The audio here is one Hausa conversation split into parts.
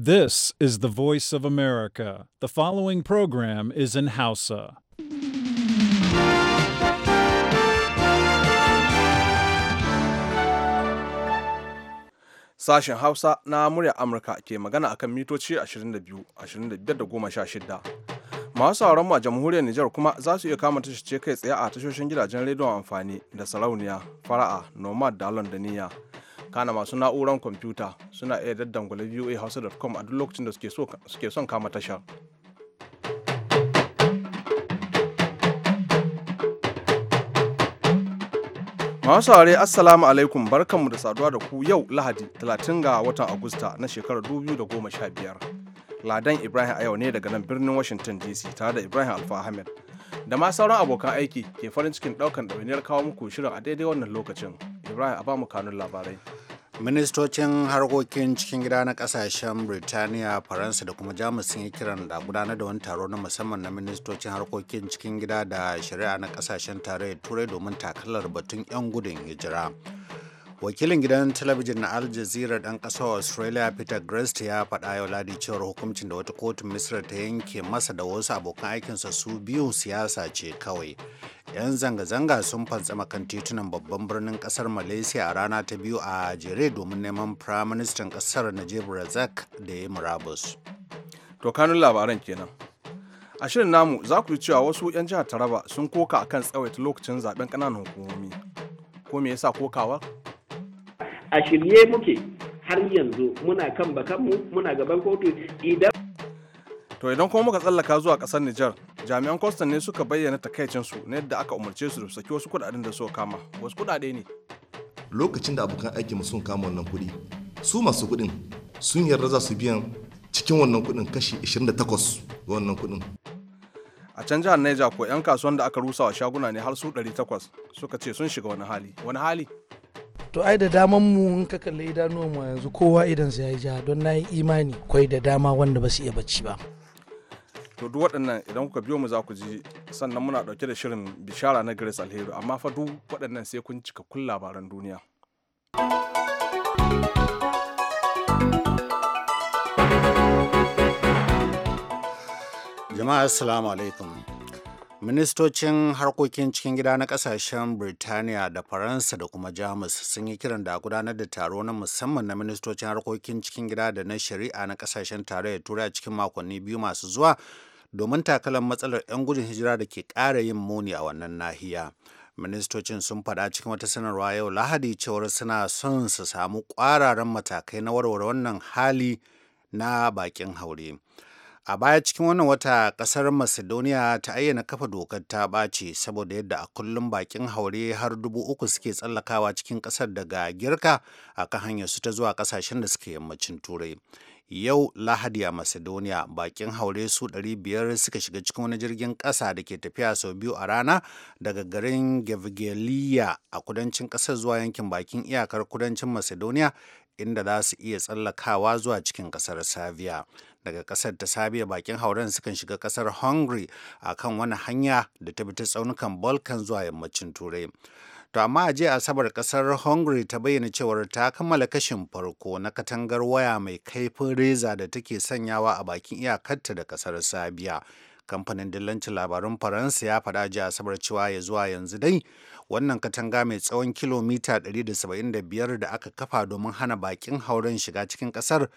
This is the voice of America. The following program is in Hausa. Sashen Hausa na murya Amurka ke magana akan mitoci 22, 25 Masu sauran mu a jamhuriyar Nijar kuma za su iya kama tashoce kai tsaye a tashoshin gidajen rediyon amfani da sarauniya, fara'a, nomad da alon kana masu na'uran kwamfuta suna iya daddangula voa hausa.com a duk lokacin da suke son kama tashar. Masu saurare Assalamu alaikum barkanmu da saduwa da ku yau Lahadi 30 ga watan Agusta na shekarar 2015. Ladan Ibrahim a yau ne daga nan birnin Washington DC tare da Ibrahim Alfa Da ma sauran abokan aiki ke farin cikin daukan ɗawainiyar kawo muku shirin a daidai wannan lokacin. Ibrahim a ba mu kanun labarai. ministocin harkokin cikin gida na kasashen birtaniya faransa da kuma jamus sun yi kiran da gudanar da wani taro na musamman na ministocin harkokin cikin gida da shari'a na kasashen tarayyar turai domin takalar batun 'yan gudun hijira wakilin gidan talabijin na al jazeera dan kasar australia peter grist ya faɗa yau ladi cewar hukuncin da wata kotun misra ta yanke masa da wasu abokan aikinsa su biyu siyasa ce kawai yan zanga-zanga sun fantsama kan titunan babban birnin kasar malaysia a rana ta biyu a jere domin neman firaministan kasar najib razak da ya murabus to kanun labaran kenan a shirin namu za ku yi cewa wasu 'yan jihar taraba sun koka akan tsawaita lokacin zaben ƙananan hukumomi ko me yasa kokawa a shirye muke har yanzu muna kan bakanmu muna gaban kotu idan to idan kuma muka tsallaka zuwa kasar Nijar jami'an kwastan ne suka bayyana takaicinsu na yadda aka umarce su da saki wasu kudaden da suka kama wasu kudade ne lokacin da abokan mu sun kama wannan kuɗi su masu kudin sun yarda za su biyan cikin wannan kudin kashi 28 wannan kudin. a can jihar Niger ko 'yan kasuwan da aka rusa wa shaguna ne har su 800 suka ce sun shiga wani hali wani hali to ai da daman mu in ka kalli idanuwan mu yanzu kowa idan sa yi ja don nayi imani kwai da dama wanda ba su iya bacci ba to duk waɗannan idan kuka biyo mu za ku ji sannan muna ɗauke da shirin bishara na Grace Alheri amma fa duk waɗannan sai kun cika kun labaran duniya jama'a assalamu alaikum ministocin harkokin cikin gida na kasashen birtaniya da faransa da kuma jamus sun yi kiran da gudanar da taro na musamman na ministocin harkokin cikin gida da na shari'a na kasashen tarayyar turai a cikin makonni biyu masu zuwa domin takalan matsalar 'yan gudun hijira da ke ƙara yin muni a wannan nahiya ministocin sun faɗa cikin wata sanarwa yau lahadi cewar suna son su samu ƙwararan matakai na warware wannan hali na bakin haure. a baya cikin wannan wata ƙasar macedonia ta ayyana kafa dokar ta ɓaci saboda yadda a kullum bakin haure har dubu uku suke tsallakawa cikin kasar daga girka a kan hanyar su ta zuwa ƙasashen da suke yammacin turai yau lahadi a macedonia bakin haure su 500 suka shiga cikin wani jirgin ƙasa da ke tafiya sau biyu a rana daga garin gevgeliya a kudancin ƙasar zuwa yankin bakin iyakar kudancin macedonia inda za su iya tsallakawa zuwa cikin kasar Serbia. Daga kasar ta Serbia bakin hauren sukan shiga kasar Hungary a kan wani hanya da ta bi ta tsaunukan Balkan zuwa yammacin Turai. To amma a jiya Asabar kasar Hungary ta bayyana cewar ta kammala kashin farko na katangar waya mai kaifin reza da take sanyawa a bakin iyakarta da kasar Serbia. Kamfanin dillancin labarun Faransa ya faɗa jiya Asabar cewa ya zuwa yanzu dai wannan katanga mai tsawon kilomita 175 da aka kafa domin hana bakin hauren shiga cikin kasar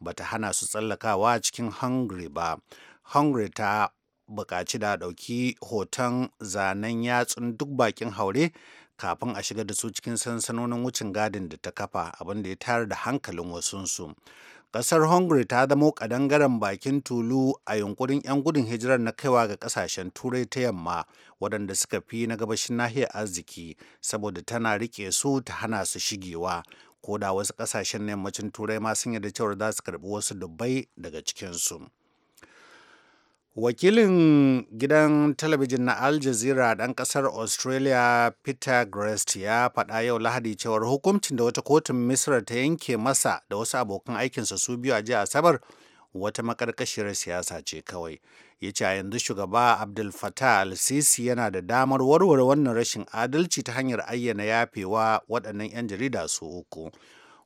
bata hana su tsallakawa cikin hungary ba hungary ta bukaci da ɗauki hoton zanen yatsun duk bakin haure kafin a shiga da su cikin sansanonin wucin gadin da ta kafa abinda ya tayar da hankalin wasunsu Ƙasar Hungary ta zamo ƙadangaren bakin tulu a yunkurin 'yan gudun hijirar na kaiwa ga ƙasashen Turai ta yamma waɗanda suka fi na gabashin nahiyar arziki saboda tana riƙe su ta hana su shigewa. Ko da wasu ƙasashen na yammacin Turai ma sun yarda cewar za su karɓi wasu dubbai daga cikinsu. wakilin gidan talabijin na al jazeera ɗan ƙasar australia peter grest ya faɗa yau lahadi cewar hukuncin da wata kotun misra ta yanke masa da wasu abokan aikinsa su biyu a jiya asabar wata makarkashiyar siyasa ce kawai ya ce a yanzu shugaba abdul fatah al-sisi yana da damar warware wannan rashin adalci ta hanyar ayyana yafewa waɗannan 'yan jarida su uku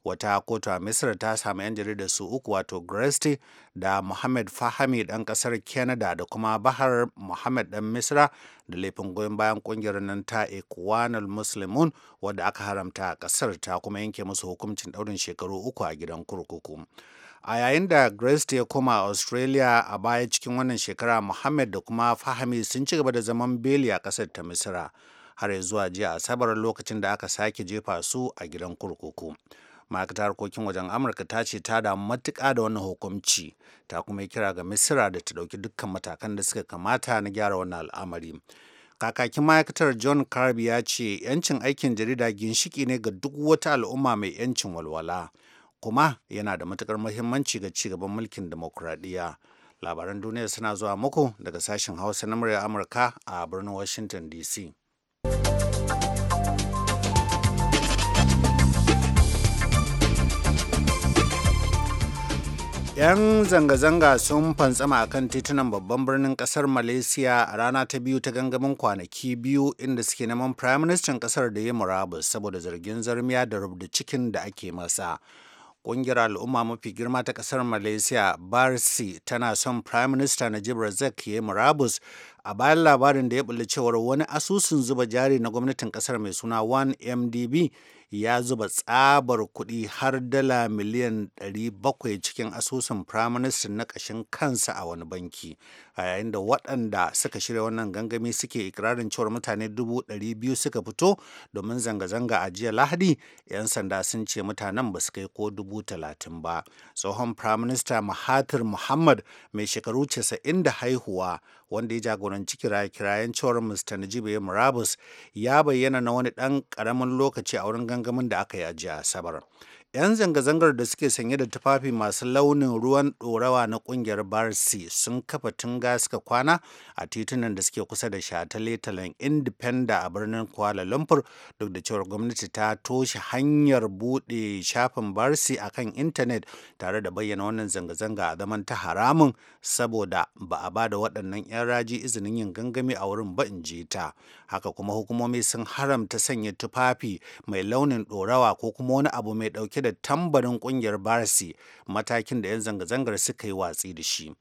wata kotu a misir ta samu 'yan jarida su uku wato gresti da muhammad fahami dan kasar canada da kuma bahar muhammad dan misra da laifin goyon bayan kungiyar nan ta ikwanul muslimun wadda aka haramta a kasar ta kuma yanke musu hukuncin daurin shekaru uku a gidan kurkuku a yayin da grace ya koma australia a baya cikin wannan shekara muhammad da kuma fahami sun ci gaba da zaman beli a kasar ta misira har zuwa jiya a asabar lokacin da aka sake jefa su a gidan kurkuku ma'aikatar harkokin wajen amurka ta ce ta damu matuka da wannan hukunci ta kuma yi kira ga misira da ta ɗauki dukkan matakan da suka kamata na gyara wannan al'amari kakakin ma'aikatar john carby ya ce 'yancin aikin jarida ginshiki ne ga duk wata al'umma mai 'yancin walwala kuma yana da matukar muhimmanci ga ci gaban mulkin demokuraɗiyya labaran duniya suna zuwa muku daga sashen hausa na murya amurka a birnin washington dc 'yan zanga-zanga sun fantsama a kan titunan babban birnin kasar malaysia a rana ta biyu ta gangamin kwanaki biyu inda suke neman prime minister kasar da ya murabus saboda zargin zarmiya da rubda cikin da ake masa ƙungiyar al'umma mafi girma ta kasar malaysia barsi tana son prime minister najib razak ya murabus a bayan labarin da ya bulli cewar wani asusun zuba jari na gwamnatin kasar mai suna 1mdb ya zuba tsabar kuɗi har dala miliyan 700 cikin asusun firaministan na ƙashin kansa a wani banki a yayin da waɗanda suka shirya wannan gangami suke ikirarin cewar mutane 200 suka fito domin zanga-zanga a jiya lahadi 'yan sanda sun ce mutanen ba su kai ko 30 ba tsohon firaminista mahathir muhammad mai shekaru 90 da haihuwa wanda ya jagoranci kiraye-kirayen cewar Mr. Najibu Murabus ya bayyana na wani ɗan ƙaramin lokaci a wurin gangamin da aka yi a jiya Asabar. 'Yan zanga-zangar da suke sanye da tufafi masu launin ruwan ɗorawa na ƙungiyar Barsi sun kafa tunga suka kwana a titunan da suke kusa da shataletalen Independa a birnin Kuala Lumpur duk da cewar gwamnati ta toshe hanyar buɗe shafin Barsi a kan intanet tare da bayyana wannan zanga-zanga a zaman ta haramun saboda ba a ba da waɗannan 'yan raji izinin yin gangami a wurin ba in je ta. Haka kuma hukumomi sun haramta sanya tufafi mai launin ɗorawa ko kuma wani abu mai ɗauke da tambarin kungiyar barsi matakin da 'yan zanga-zangar suka yi watsi da shi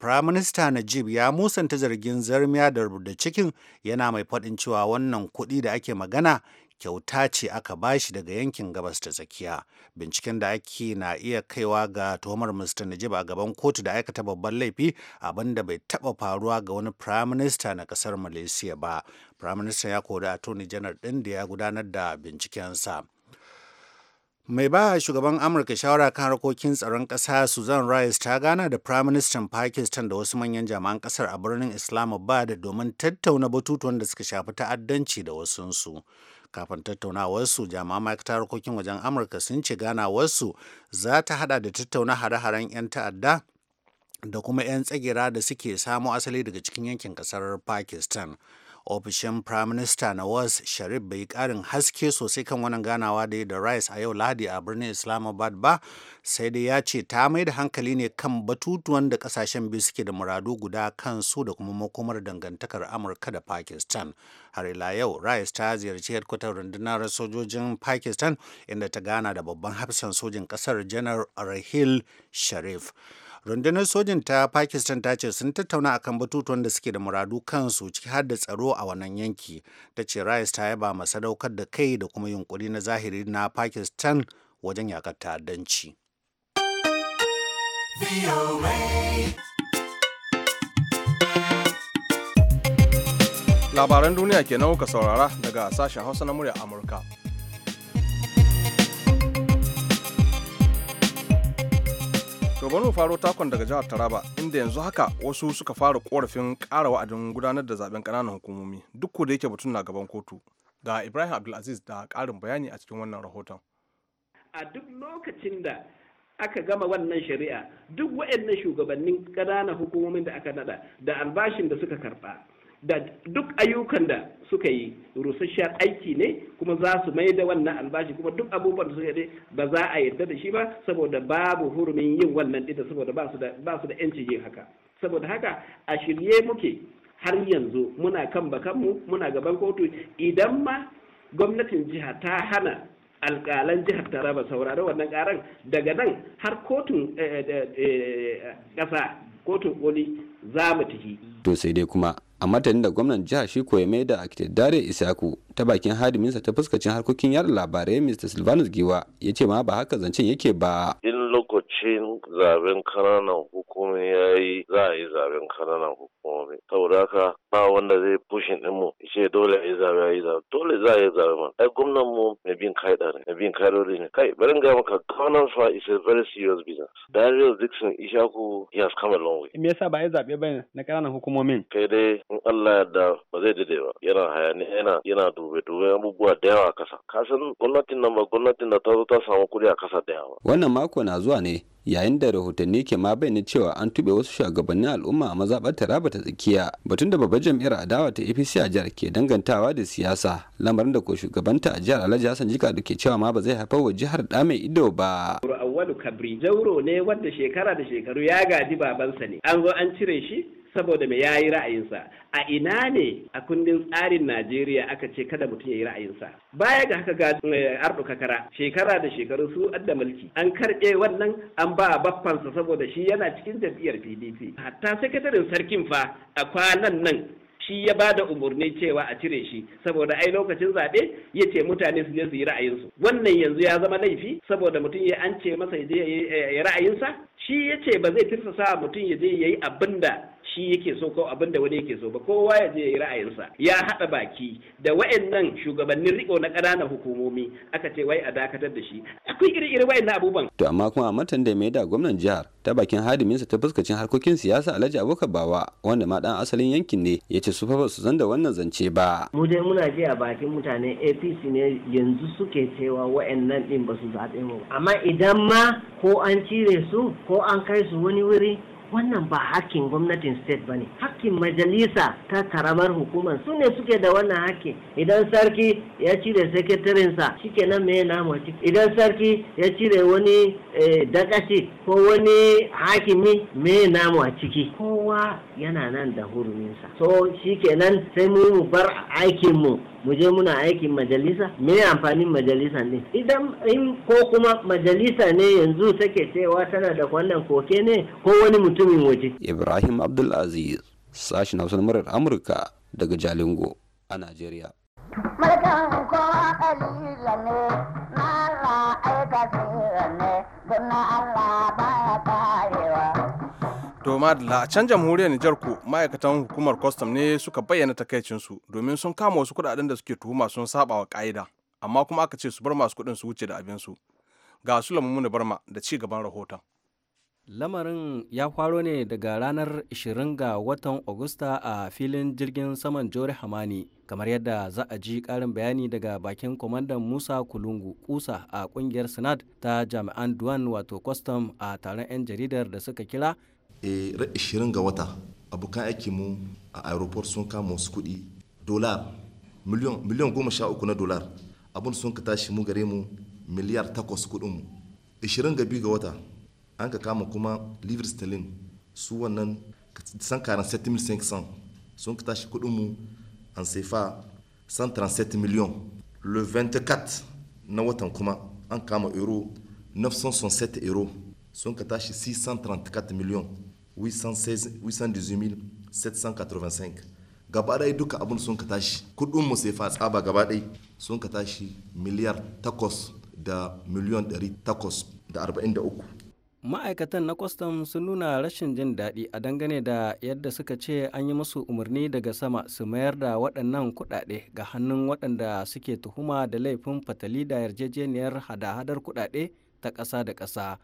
Firaminista Najib ya musanta zargin zarmiya da rubuta cikin yana mai faɗin cewa wannan kuɗi da ake magana kyauta ce aka ba shi daga yankin gabas ta tsakiya. Binciken da ake na iya kaiwa ga tuhumar Mr. Najib a gaban kotu da aikata babban laifi abin da bai taɓa faruwa ga wani firaminista na ƙasar Malaysia ba. Firaministan ya kori a Tony janar ɗin da ya gudanar da bincikensa. mai ba shugaban amurka shawara kan harkokin tsaron ƙasa susan rice ta gana da firaministan pakistan da wasu manyan jami'an ƙasar a birnin islamabad domin tattauna batutuwan da suka shafi ta'addanci da wasunsu kafin tattauna tattaunawarsu jami'an ma'aikatar harkokin wajen amurka sun ce ganawarsu za ta haɗa da tattauna hare-haren 'yan ta'adda da kuma 'yan tsagera da suke samo asali daga cikin yankin ƙasar pakistan ofishin prime minister was sharif bai karin haske sosai kan wannan ganawa da da rice a yau lahadi a birnin islamabad ba sai dai ya ce ta mai da hankali ne kan batutuwan da kasashen biyu suke da muradu guda kan su da kuma makomar dangantakar amurka da pakistan har ila yau rice ta ziyarci hedkwatar rundunar sojojin pakistan inda ta gana da babban hafsan sojin kasar general rahil sharif rundunar sojin ta pakistan ta ce sun tattauna akan batutuwan da suke da muradu kansu ciki har da tsaro a wannan yanki ta ce rice ta yaba masadaukar da kai da kuma yunkuri na zahiri na pakistan wajen yakar ta'addanci labaran duniya kenan kuka saurara daga sashen hausa na murya amurka to mu faro takon daga jihar taraba inda yanzu haka wasu suka fara korafin ƙara wa'adin gudanar da zaben ƙananan hukumomi duk da yake batun na gaban kotu ga ibrahim abdulaziz da ƙarin bayani a cikin wannan rahoton a duk lokacin da aka gama wannan shari'a duk waɗannan shugabannin ƙananan hukumomin da aka nada da albashin da suka karɓa da duk ayyukan da suka yi rusasshen aiki ne kuma za su mai da wannan albashi kuma duk abubuwan da suka yi ba za a yarda da shi ba saboda babu hurumin yin wannan ita saboda ba su da yanci yin haka saboda haka a shirye muke har yanzu muna kan bakanmu muna gaban kotu idan ma gwamnatin jiha ta hana alƙalan jihar taraba saurari wannan ƙaran daga nan har kotun eh, eh, eh, ƙasa kotun koli za mu tafi. To sai dai kuma a matanin da gwamnan jihar shi ya mai da dare isaku ta bakin hadiminsa ta fuskacin harkokin yada labarai mr silvanus giwa ya ce ma ba haka zancen yake ba in lokacin zaben kananan hukumi ya yi za a yi zaben kananan hukumi komai saboda haka ba wanda zai pushin din mu ce dole ya zabe ya zabe dole za ya zabe ma ai gwamnan mu na bin kaida ne na bin kaidori ne kai bari ga maka governance fa is a very serious business Daniel Dixon Ishaku he has come a long way me yasa ba ya zabe ba na kananan hukumomin kai dai in Allah ya yarda ba zai dade ba yana hayani yana yana dube dube abubuwa da yawa kasa kasan gwamnatin nan ba gwamnatin da ta zo ta samu kuri a kasa da yawa wannan mako na zuwa ne yayin da rahotanni ke ma bayyana cewa an tuɓe wasu shugabannin al'umma a mazaɓar taraba ta tsakiya batun da babbar jam'iyyar adawa ta apc a jihar ke dangantawa da siyasa lamarin da ko shugabanta a jihar alhaji hassan jika da ke cewa ma ba zai haifar wa jihar da mai ido ba. awwalu kabri zauro ne wadda shekara da shekaru ya gaji babansa ne an zo an cire shi saboda mai yayi ra'ayinsa a ina ne a kundin tsarin Najeriya aka ce kada mutum ya yayi ra'ayinsa baya ga haka ga eh, ardu kakara shekara da shekaru su adda mulki an karbe wannan an ba baffansa saboda shi yana cikin jam'iyyar PDP hatta sakataren sarkin fa a kwanan nan shi ya ba da umarni cewa a cire shi saboda ai lokacin zaɓe ya ce mutane su je su yi ra'ayinsu wannan yanzu ya zama laifi saboda mutum ya an ce masa ya je eh, ya yi ra'ayinsa shi ya ce ba zai tursasa mutum ya je ya yi abin da shi yake so ko abin da wani yake so ba kowa ya je ya yi ra'ayinsa ya haɗa baki da wayannan shugabannin riko na ƙananan hukumomi aka ce wai a dakatar da shi akwai iri-iri wa'annan abubuwan to amma kuma a matan da mai da gwamnan jihar ta bakin hadiminsa ta fuskacin harkokin siyasa Alhaji Abubakar Bawa wanda ma dan asalin yankin ne ya ce su fa ba su zan da wannan zance ba mu dai muna ji a bakin mutane APC ne yanzu suke cewa wa'annan din ba su zaɓe mu amma idan ma ko an cire su ko an kai su wani wuri wannan ba hakkin gwamnatin state ba ne hakkin majalisa ta karamar hukumar su ne suke da wannan hakki idan sarki ya cire sekretarinsa nan me namu idan sarki ya cire wani eh, dakashi ko wani hakimi mai namu a ciki kowa yana nan da huruminsa so shi nan sai mu bar aikinmu mu je muna aikin majalisa me amfanin majalisa ne idan in ko kuma majalisa ne yanzu take cewa tana da wannan koke ne ko wani mutumin waje ibrahim abdulaziz sashen hausa murar amurka daga jalingo a najeriya Allah baya To da a can jamhuriyar Nijar ku ma'aikatan hukumar kwastam ne suka bayyana takaicinsu domin sun kama wasu kuɗaɗen da suke tuhuma sun saba wa ƙa'ida amma kuma aka ce su bar masu kuɗin su wuce da abinsu. Ga su lamuni barma da ci gaban rahoton. Lamarin ya faro ne daga ranar 20 ga watan Agusta a filin jirgin saman Jore Hamani kamar yadda za a ji karin bayani daga bakin kwamandan musa kulungu kusa a kungiyar senat ta jami'an duwan wato kwastam a taron 'yan jaridar da suka kira Eh, ran 20 ga wata abokan aiki mu a aeroport sun kama wasu kudi dolar miliyan goma sha uku na dolar abin sun ka tashi mu gare mu miliyar takwas kuɗin mu 20 ga biyu ga wata an ka kama kuma livir stalin su wannan san karan 7500 sun ka tashi kuɗin mu an saifa 137 miliyan le 24 na watan kuma an kama euro 967 euro sun ka tashi 634 miliyan 816 785 gaba ɗaya duka abin sun ka tashi kudin mu sai fa tsaba gaba ɗaya sun ka tashi miliyar 8 da miliyon 843 ma'aikatan na kwastam sun nuna rashin jin daɗi a dangane da yadda suka ce an yi musu umarni daga sama su mayar da waɗannan kuɗaɗe ga hannun waɗanda suke tuhuma da laifin fatali da yarjejeniyar hada-hadar kuɗaɗe ta ƙasa da ƙasa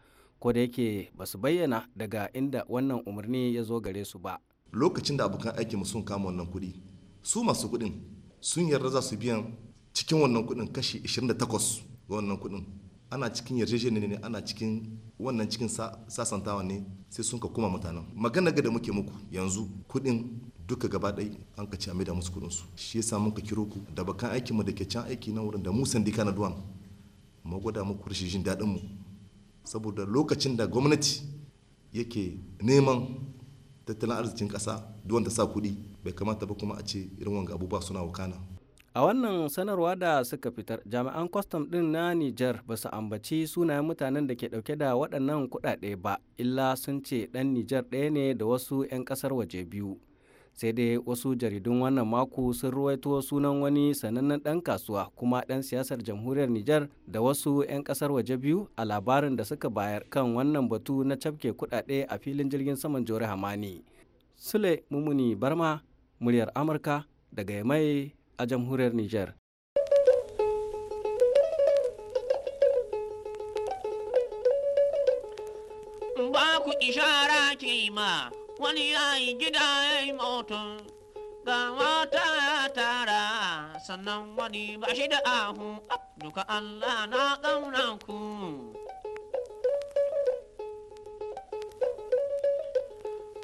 ko da yake ba su bayyana daga inda wannan umarni ya zo gare su ba lokacin da abokan aikinmu sun kama wannan kuɗi su masu kuɗin sun yarda za su biyan cikin wannan kuɗin kashi 28 ga wannan kuɗin ana cikin yarjejeniya ne ana cikin wannan cikin sasantawa ne sai sun ka kuma mutanen magana ga da muke muku yanzu kuɗin duka gaba ɗai an ka ci da musu kuɗin su shi yasa mun ka kiro ku da bakan aikinmu da ke can aiki na wurin da mu sandika na duwan mu gwada muku rashin jin daɗin mu saboda lokacin da gwamnati yake neman tattalin arzikin ƙasa duwanda sa kuɗi bai kamata ba kuma a ce irin wanga abubuwa suna wakana a wannan sanarwa da suka fitar jami'an kwastam ɗin na nijar ba su ambaci sunayen mutanen da ke ɗauke da waɗannan kuɗaɗe ba illa sun ce ɗan nijar ɗaya ne da wasu 'yan ƙasar waje biyu sai dai wasu jaridun wannan mako sun ruwaito sunan wani sanannen ɗan kasuwa kuma ɗan siyasar jamhuriyar nijar da wasu 'yan ƙasar waje biyu a labarin da suka bayar kan wannan batu na cafke kuɗaɗe a filin jirgin saman jore hamani sule mumuni barma muryar amurka daga yamai a jamhuriyar nijar ba ku ishara ke ma wani ya yi gida ya yi da ga mata ya tara sannan wani bashi da ahu duka Allah na ƙauna ku.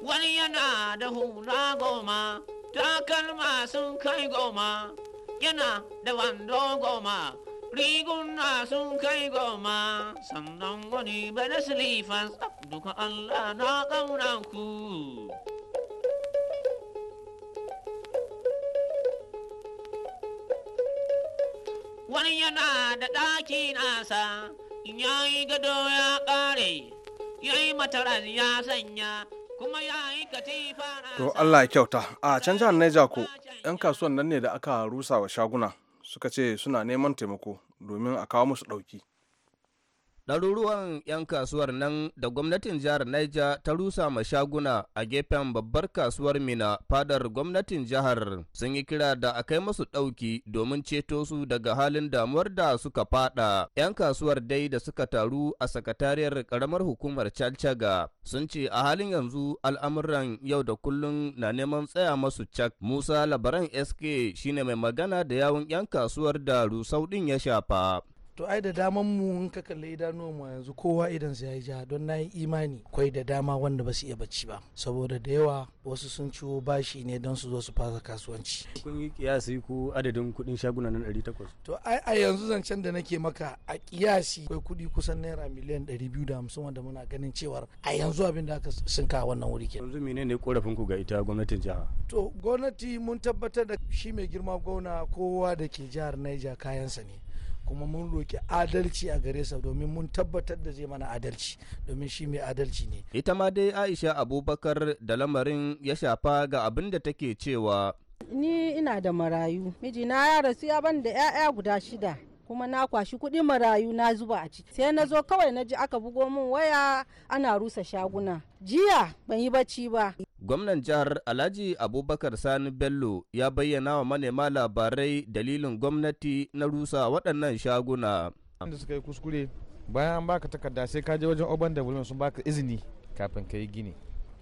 Wani yana da hula goma, takalma sun kai goma, yana da wando goma. riguna sun kai goma sannan wani bane silifan duka Allah na ƙauna ku. Wani yana da ɗaki nasa, ya yi gado ya ƙare, ya yi mataran ya sanya, kuma ya yi katifa nasa. To Allah ya kyauta, a can Niger ko, ‘yan kasuwan nan ne da aka rusa wa shaguna, suka ce suna neman taimako domin a kawo musu ɗauki Ɗaruruwan 'yan kasuwar nan da gwamnatin jihar Niger ta rusa ma shaguna a gefen babbar kasuwar Mina fadar gwamnatin jihar sun yi kira da a kai masu ɗauki domin ceto su daga halin damuwar da suka fada. 'Yan kasuwar dai da suka taru a sakatariyar ƙaramar hukumar Calcaga sun ce a halin yanzu al'amuran yau da kullum na neman tsaya masu cak. Musa Labaran SK shine mai magana da yawun 'yan kasuwar da rusau ɗin ya shafa. to ai da daman mu in ka kalli idanuwan mu yanzu kowa idan ya yi ja don na yi imani akwai da dama wanda ba su iya bacci ba saboda da yawa wasu sun ciwo bashi ne don su zo su fasa kasuwanci kun yi kiyasi ko adadin kuɗin shaguna nan 800 to ai a yanzu zancen da nake maka a kiyasi akwai kuɗi kusan naira miliyan 250 wanda muna ganin cewar a yanzu abin da aka sinka wannan wuri ke yanzu menene korafin ku ga ita gwamnatin jiha to gwamnati mun tabbatar da shi mai girma gwamna kowa da ke jihar Niger kayansa ne kuma mun roki adalci a gare sa domin mun tabbatar da zai mana adalci domin shi mai adalci ne ita ma dai Aisha Abubakar da lamarin ya shafa ga abin da take cewa ni ina da marayu mijina ya rasu ya ban da 'ya'ya guda shida kuma na kwashi kuɗi marayu na zuba a ciki sai na zo kawai na ji aka bugo min waya ana rusa shaguna jiya ban yi bacci ba Gwamnan jihar Alhaji Abubakar Sani Bello ya bayyana wa manema labarai dalilin gwamnati na rusa waɗannan shaguna. Wanda suka yi kuskure bayan an baka takarda sai ka je wajen Oban Development sun baka izini kafin ka yi gini.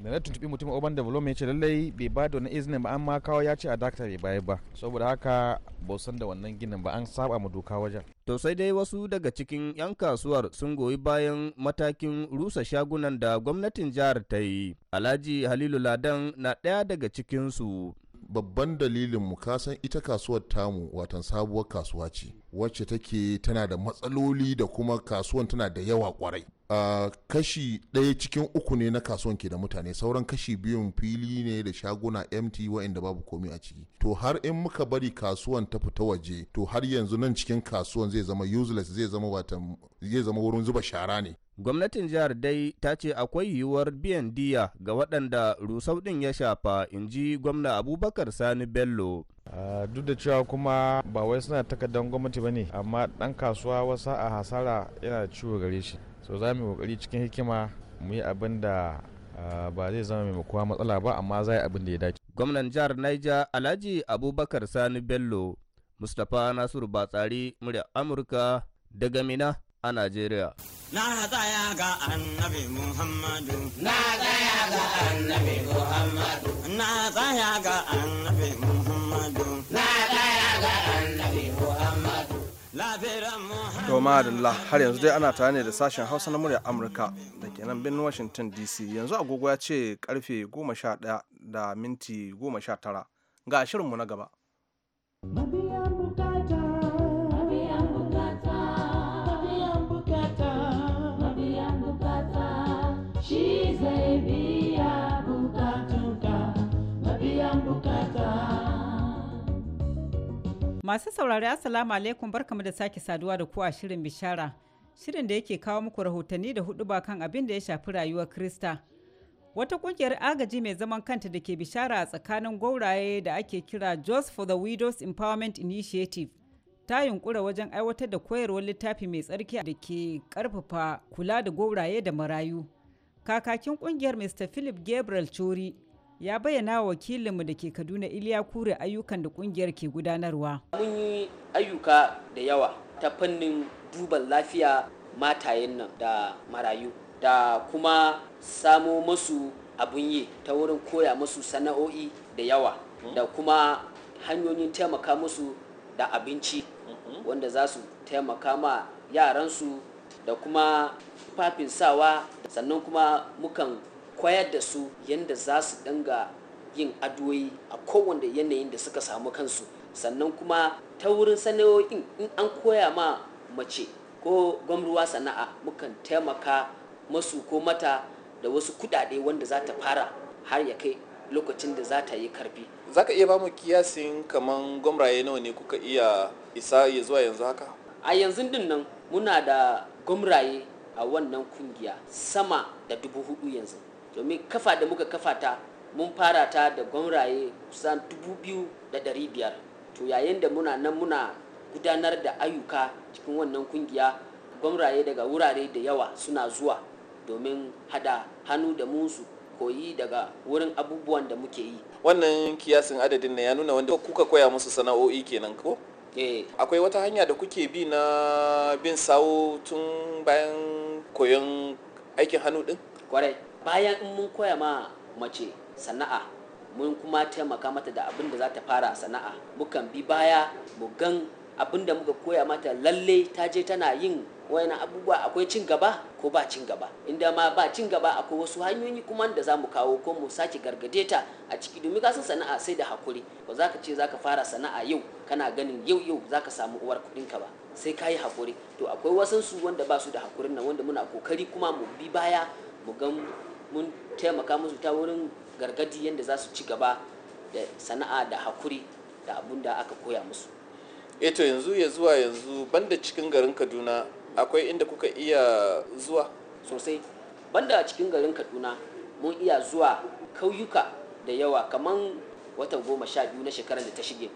da na tuntubi mutum urban development ya ce lallai bai ba da wani izinin ba an ma kawo ya ce a dakta bai bayar ba saboda haka ba san da wannan ginin ba an saba mu doka wajen to sai dai wasu daga cikin yan kasuwar sun goyi bayan matakin rusa shagunan da gwamnatin jihar ta yi alhaji halilu ladan na ɗaya daga cikinsu babban dalilin mu kasan ita kasuwar tamu watan sabuwar kasuwa ce wacce take tana da matsaloli da kuma kasuwan tana da yawa kwarai uh, kashi ɗaya cikin uku ne na kasuwan ke da mutane sauran kashi biyun fili ne da shaguna mt wa'inda babu komi a ciki to har in muka bari kasuwan ta fita waje to har yanzu nan cikin kasuwan zai zama useless zai zama zai zama wurin zuba shara ne Gwamnatin jihar dai ta ce akwai yiwuwar biyan diya ga waɗanda rusau ɗin ya shafa in ji gwamna Abubakar Sani Bello. duk da cewa kuma ba wai suna takardar gwamnati ba ne amma ɗan kasuwa wasa a hasara yana ciwo gare shi so za mu yi cikin hikima mu yi abin da ba zai zama mai makuwa matsala ba amma za yi abin da ya dace. Gwamnan jihar Niger Alhaji Abubakar Sani Bello Mustapha Nasiru Batsari murya Amurka daga Mina a Najeriya. Na tsaya ga annabi Muhammadu. Na tsaya ga annabi Muhammadu. Na tsaya ga annabi Muhammadu. Na tsaya ga annabi Muhammadu. To ma'adalla har yanzu dai ana tare ne da sashen Hausa na murya Amurka da ke nan birnin Washington DC yanzu agogo ya ce karfe 11 da minti 19 ga ashirinmu na gaba. Masu saurari Assalamu alaikum barkamu da sake saduwa da ku a shirin bishara. Shirin da yake kawo muku rahotanni da hudu kan abin da ya shafi rayuwar Krista. Wata kungiyar agaji mai zaman kanta da ke bishara a tsakanin gwauraye da ake kira Just for the Widows Empowerment Initiative ta yunkura wajen aiwatar da koyarwar littafi mai tsarki da ke karfafa kula da gwauraye da marayu. Kakakin kungiyar Mr. Philip Gabriel Chori ya bayyana wa wakilinmu da ke kaduna iliya kure ayyukan da kungiyar ke gudanarwa mun yi ayyuka da yawa ta fannin duban lafiya matayen nan da marayu da kuma samo masu abun yi ta wurin koya masu sana'o'i da yawa hmm? da kuma hanyoyin taimaka musu da abinci hmm? wanda za su taimaka ma yaransu da kuma fafin sawa sannan kuma mukan koyar da su yadda za su dinga yin adoyi a kowanne yanayin da suka samu kansu sannan kuma ta wurin sana'o'in in an koya ma mace ko gwamruwa sana'a mukan taimaka masu ko mata da wasu kudade wanda za ta fara har ya kai lokacin da za ta yi karfi za ka iya ba mu kiyasin kaman gwamraye nawa ne kuka iya isa ya zuwa yanzu haka a yanzu din nan muna da gwamraye a wannan kungiya sama da dubu hudu yanzu domin kafa da muka kafa ta mun fara ta da gwamraye kusan 2,500 to yayin da muna nan muna gudanar da ayyuka cikin wannan kungiya gwamraye daga wurare da yawa suna zuwa domin hada hannu da musu koyi daga wurin abubuwan da muke yi wannan kiyasin adadin na ya nuna wanda kuka koya musu sana'o'i kenan ko eh. akwai wata hanya da kuke bi na bin sawo tun bayan koyon aikin hannu din kwarai bayan in mun koya ma mace sana'a mun kuma taimaka mata da abin da za ta fara sana'a mukan bi baya mu gan abin da muka koya mata lalle ta je tana yin wani abubuwa akwai cin gaba ko ba cin gaba inda ma ba cin gaba akwai wasu hanyoyi kuma da za mu kawo ko mu sake gargade ta a ciki domin kasan sana'a sai da hakuri ba za ka ce za ka fara sana'a yau kana ganin yau yau za ka samu uwar ka ba sai ka yi hakuri to akwai wasansu wanda ba su da hakurin nan wanda muna kokari kuma mu bi baya mu gan mun taimaka musu ta wurin gargadi yadda za su ci gaba da sana'a da hakuri da abun da aka koya musu eto eh yanzu ya zuwa yanzu banda cikin garin kaduna akwai inda kuka iya zuwa sosai banda cikin garin kaduna mun iya zuwa kauyuka da yawa kamar watan goma sha biyu na shekarar da ta shige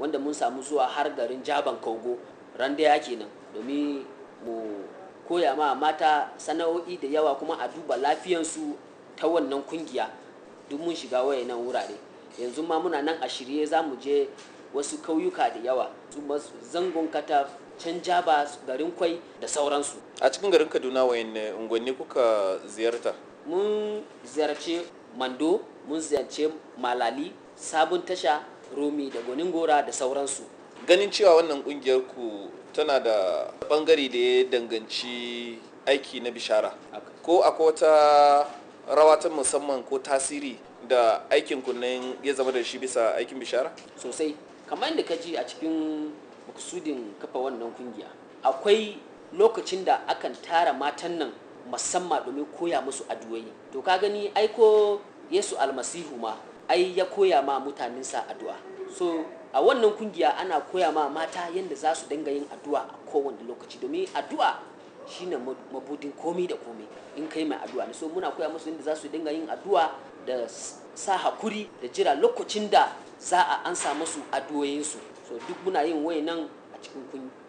wanda mun samu zuwa har garin jaban kogo randa ya kenan domin mu koya ma mata sana'o'i da yawa kuma a duba lafiyansu ta wannan kungiya duk mun shiga nan wurare yanzu ma muna nan a shirye za mu je wasu kauyuka da yawa su zangon kataf can jaba garin kwai da sauransu a cikin garin kaduna ne ungwanni kuka ziyarta mun ziyarci mando mun ziyarci malali sabon tasha romi da gonin gora da sauransu ganin cewa wannan kungiyar ku tana da bangare da ya danganci aiki na bishara ko akwai wata rawa ta musamman ko tasiri da aikin kunnen ya zama da shi bisa aikin bishara sosai kamar da ka ji a cikin makusudin kafa wannan kungiya akwai lokacin da akan tara matan nan musamman domin koya musu addu'o'i to ka gani aiko yesu almasihu ma ai ya koya ma mutanensa addu'a so a wannan kungiya ana koya ma mata yadda za su dinga yin addu'a a kowane lokaci domin addu'a shine mabudin komai da komai in kai mai addu'a ne so muna koya musu yadda za su dinga yin addu'a da sa hakuri da jira lokacin da za a ansa musu addu'o'insu so duk muna yin wayannan a cikin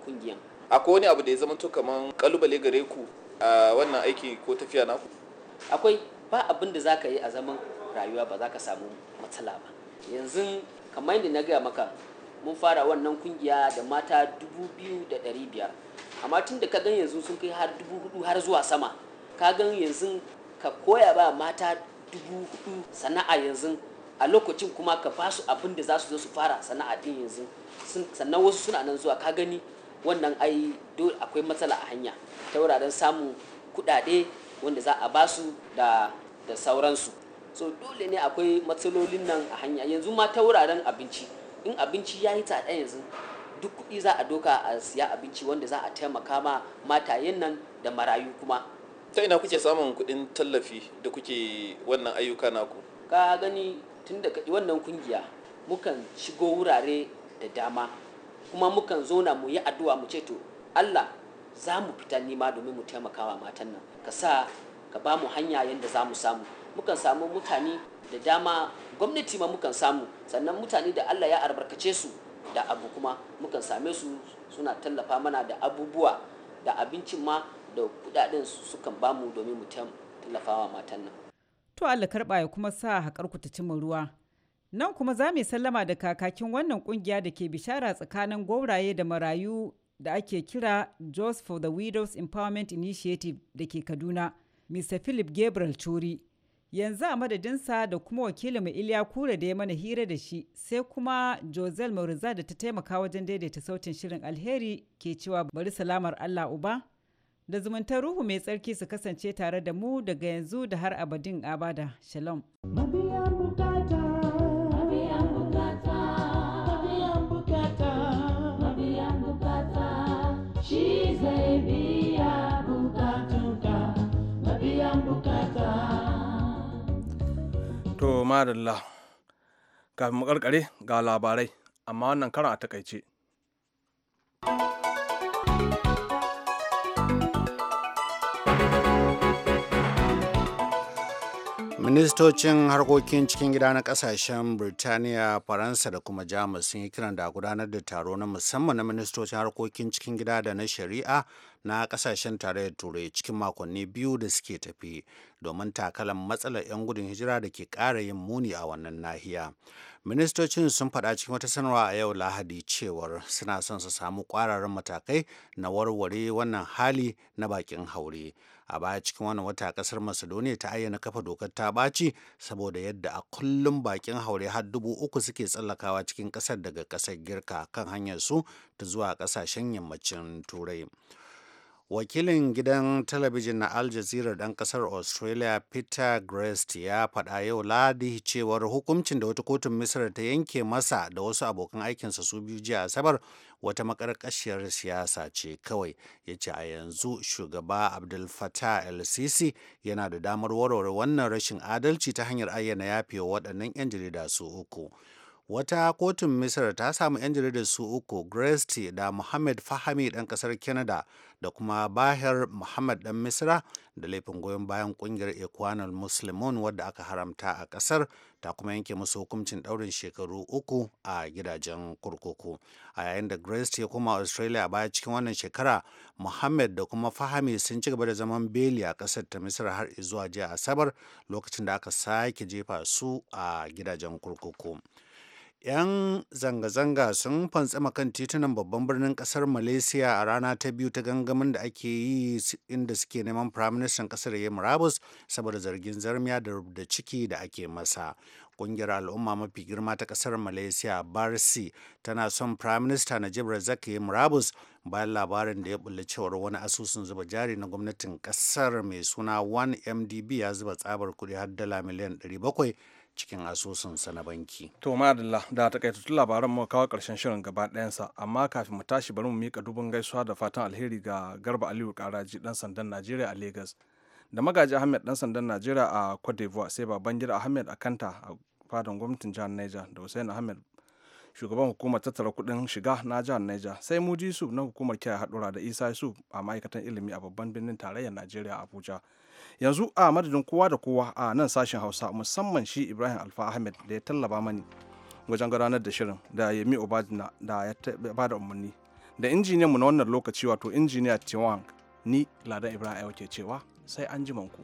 kungiyan akwai wani abu da ya zama to kaman kalubale gare ku a wannan aiki ko tafiya naku akwai ba abin da za ka yi a zaman rayuwa ba za ka samu matsala ba yanzu kamar yadda na gaya maka mun fara wannan kungiya da mata 2,500 amma tun da ka gan yanzu sun kai har 4,000 har zuwa sama ka gan yanzu ka koya ba mata 4,000 sana'a yanzu a lokacin kuma ka ba su abin da za su zo su fara sana'a din yanzu sannan wasu suna nan zuwa ka gani wannan ai dole akwai matsala a hanya ta wuraren samun kuɗaɗe wanda za a ba su da sauransu so dole ne akwai matsalolin nan a hanya yanzu ma ta wuraren abinci in abinci ya yi tsada yanzu duk kuɗi za a doka a siya abinci wanda za a taimaka ma matayen nan da marayu kuma ta ina kuke samun kuɗin tallafi da kuke wannan ayyuka naku ka gani tun da wannan kungiya mukan shigo wurare da dama kuma mukan zona mu yi addu'a mu ce to Allah za mu fita nima domin mu taimakawa matan nan ka sa ka ba mu hanya yadda za mu samu mukan samu mutane da dama gwamnati ma mukan samu sannan mutane da allah ya albarkace su da abu kuma mukan same su suna tallafa mana da abubuwa da abincin ma da kudaden sukan bamu domin mu tallafawa matan nan to allah karba ya kuma sa haƙar ku ta cimma ruwa nan kuma za mu sallama da kakakin wannan kungiya da ke bishara tsakanin gwauraye da marayu da ake kira Jaws for the Widows Empowerment Initiative da ke Kaduna, Mr. Philip Gabriel Churi. yanzu a madadinsa da kuma wakilinmu iliya kura da ya mana hira da shi sai kuma josel mauriza da ta taimaka wajen daidaita sautin shirin alheri ke cewa bari salamar allah uba da zumuntar ruhu mai tsarki su kasance tare da mu daga yanzu da har abadin abada shalom madalla kafin mu karkare ga labarai amma wannan karan a takaice ministocin harkokin cikin gida na kasashen birtaniya faransa da kuma jamus sun yi kiran da gudanar da taro na musamman na ministocin harkokin cikin gida da na shari'a na kasashen tarayyar turai cikin makonni biyu da suke tafi domin takalan matsalar 'yan gudun hijira da ke ƙara yin muni a wannan nahiya ministocin sun faɗa cikin wata sanarwa a yau lahadi cewar suna son su samu kwararan matakai na warware wannan hali na bakin haure a baya cikin wannan wata kasar macedonia ta ayyana kafa dokar ta ɓaci saboda yadda a kullum bakin haure har dubu uku suke tsallakawa cikin ƙasar daga ƙasar girka kan hanyar su ta zuwa ƙasashen yammacin turai wakilin gidan talabijin na al jazeera ɗan ƙasar australia peter grest ya faɗa yau ladi cewar hukuncin da wata kotun misir ta yanke masa da wasu abokan aikinsa su biyu jiya asabar wata makarkashiyar siyasa ce kawai ya ce a yanzu shugaba abdul fatah el sisi yana da damar warware wannan rashin adalci ta hanyar ayyana yafewa waɗannan 'yan jarida su uku wata kotun misir ta samu 'yan jaridar su uku gresti da muhammad fahami dan kasar canada da kuma bahir muhammad dan misira da laifin goyon bayan kungiyar ikwanal muslimun wadda aka haramta a kasar ta kuma yanke musu hukuncin daurin shekaru uku a gidajen kurkuku a yayin da grace ya koma australia baya cikin wannan shekara muhammad da kuma fahami sun ci gaba da zaman beli a kasar ta misira har zuwa jiya asabar lokacin da aka sake jefa su a gidajen kurkuku. 'yan zanga-zanga sun fantsama kan titunan babban birnin kasar malaysia a rana ta biyu ta gangamin da ake yi inda suke neman firaministan kasar ya murabus saboda zargin zarmiya da ciki da ake masa kungiyar al'umma mafi girma ta kasar malaysia barsi tana son Firaminista minister najib razak ya murabus bayan labarin da ya bulla cewar wani asusun zuba jari na gwamnatin kasar mai suna 1mdb ya zuba tsabar kudi har dala miliyan 700 cikin asusunsa na banki. To madalla da takaitattun labaran mu kawo karshen shirin gaba ɗayansa amma kafin mu tashi bari mu mika dubun gaisuwa da fatan alheri ga Garba Aliyu Karaji dan sandan Najeriya a Lagos da magaji Ahmed dan sandan Najeriya a Cote d'Ivoire sai gida Ahmed Akanta a fadan gwamnatin jihar Niger da Hussein Ahmed shugaban hukumar tattara kuɗin shiga na jihar Niger sai Muji Yusuf na hukumar kiyaye haɗura da Isa Yusuf a ma'aikatan ilimi a babban birnin tarayyar Najeriya Abuja. yanzu a madadin kowa da kowa a nan sashen hausa musamman shi ibrahim alfa ahmed da ya tallaba mani wajen gudanar da shirin da yemi obadina da ya ba da umarni da injiniyanmu na wannan lokaci wato injiniya tiwang ni ladan ibrahim ke cewa sai an ku.